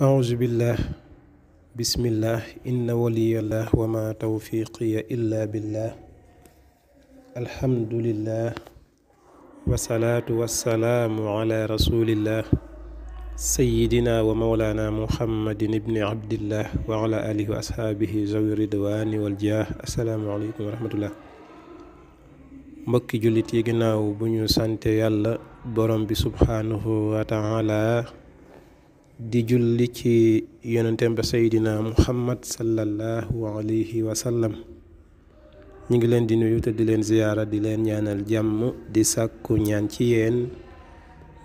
أعوذ بالله بسم الله إن ولي الله وما توفيقي إلا بالله الحمد لله والصلاة والسلام على رسول الله سيدنا ومولانا محمد بن عبد الله وعلى آله وأصحابه ذوي الرضوان والجاه السلام عليكم ورحمة الله mbokki jullit yi ginnaaw bu ñu sante yàlla borom di julli ci yonenteem ba seydina muhammad sallallahu alayhi wasalam sallam ñu ngi leen di nuyu te di leen ziyaara di leen ñaanal jàmm di sàkku ñaan ci yeen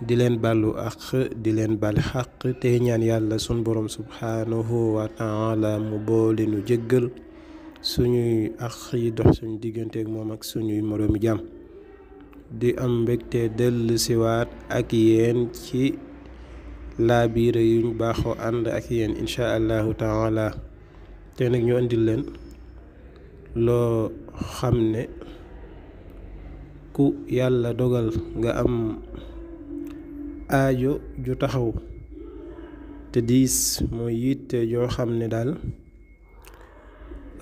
di leen bàllu àq di leen bal xaq tey ñaan yàlla sun borom subhaanahu wa mu boole nu jëggal suñuy àq yi dox suñu digganteek moom ak suñuy moroomi jàmm di am mbégte dellu siwaat ak yéen ci laa yu ñu baaxoo ànd ak yéen incha allahu taala te nag ñu andil leen loo xam ne ku yàlla dogal nga am aajo ju taxaw te diis mooy yitte joo xam ne daal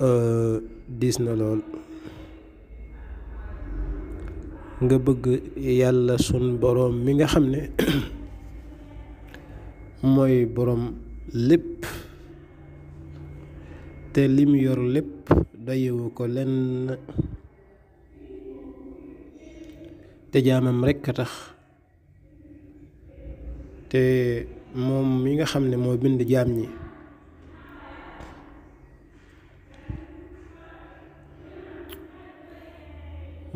euh, diis na lool nga bëgg yàlla sun boroom mi nga xam ne mooy boroom lépp te li mu yor lépp doyewu ko lenn te jaamam rekk a tax te moom mi nga xam ne moo bind jaam ñi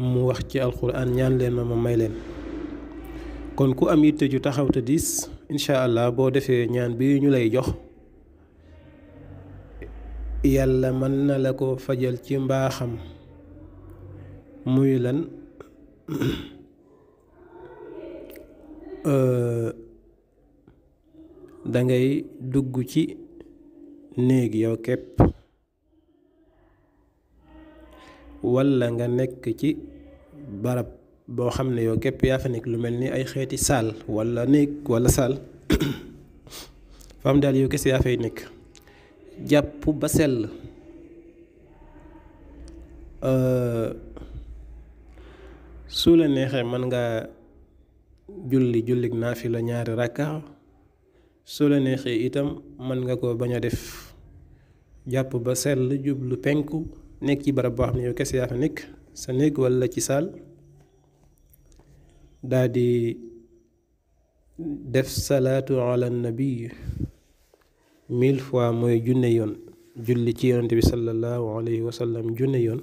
mu wax ci alxuraan ñaan leen ma may leen kon ku am yitte ju taxaw te diis incha allah boo defee ñaan bi ñu lay jox yàlla mën na la ko fajal ci mbaaxam muy lan dangay dugg ci néeg yow képp walla nga nekk ci barab bo xamne yo yow ya fa nek lu melni ni ay xeeti sal, wala nek wala sal fam dal yo kess ya fay nek japp ba euh su la neexee man nga julli jullig nafila ñaari rakka su la neexee itam man nga ko baña def japp ba sel jublu penku nek ci barab bo xamne yo kess ya fa nek sa nek wala ci sal daa def salaatu ala nabi mille fois mooy junne yoon julli ci yonent bi sallallahu alayhi junne yoon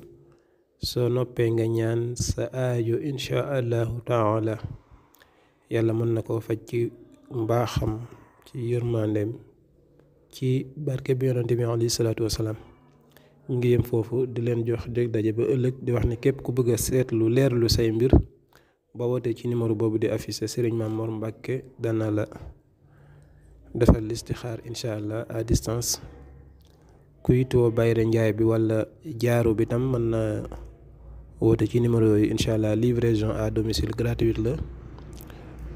soo noppee nga ñaan sa aajo insha allahu taala yàlla mën na koo faj ci mbaaxam ci yërmandeem ci barke bi yonante bi alayhi salaatu wasalaam ngi yem foofu di leen jox dég daje ba ëllëg di wax ne képp ku bëgg a seetlu leerlu say mbir Baba ci numéro bobu di affiché Serigne que Mor Mbacke dana la defal à distance kuy bayre njaay bi wala bi tam mën na livraison à domicile gratuite la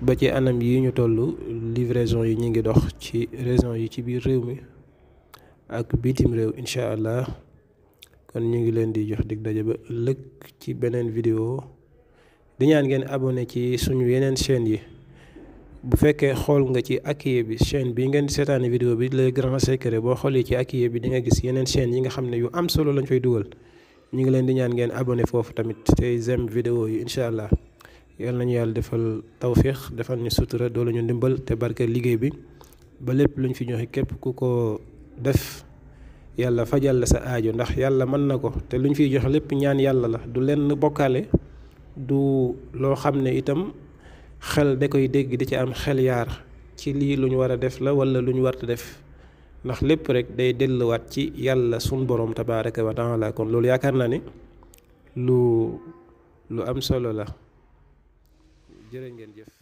ba ci anam yi ñu toll livraison yi ñi ngi dox ci région yi ci biir réew mi ak bitim kon ngi di jox dig daje ba ci vidéo di ñaan ngeen abonné ci suñu yeneen chaîne yi bu fekkee xool nga ci accueil bi chaîne bi ngeen di seetaane vidéo bi lay grand secret boo xoolee ci accueil bi di gis yeneen chaîne yi nga xam ne yu am solo lañ fay dugal ñu ngi leen di ñaan ngeen abonné foofu tamit tey j'aime vidéo yi incha allah yal nañu yàlla defal tawféex defal ñu sutura doole ñu ndimbal te barke liggéey bi ba lépp lu ñu fi joxe képp ku ko def yàlla fajal la sa aajo ndax yàlla mën na ko te luñ fiy joxe lépp ñaan yàlla la du leen bokkaale. du loo xam ne itam xel da koy dégg di ci am xel yaar ci lii lu ñu war a def la wala lu ñu warta def ndax lépp rek day delluwaat ci yàlla sun borom rekk wa taala kon loolu yaakaar naa ne lu lu am solo la jërë ngeen jëf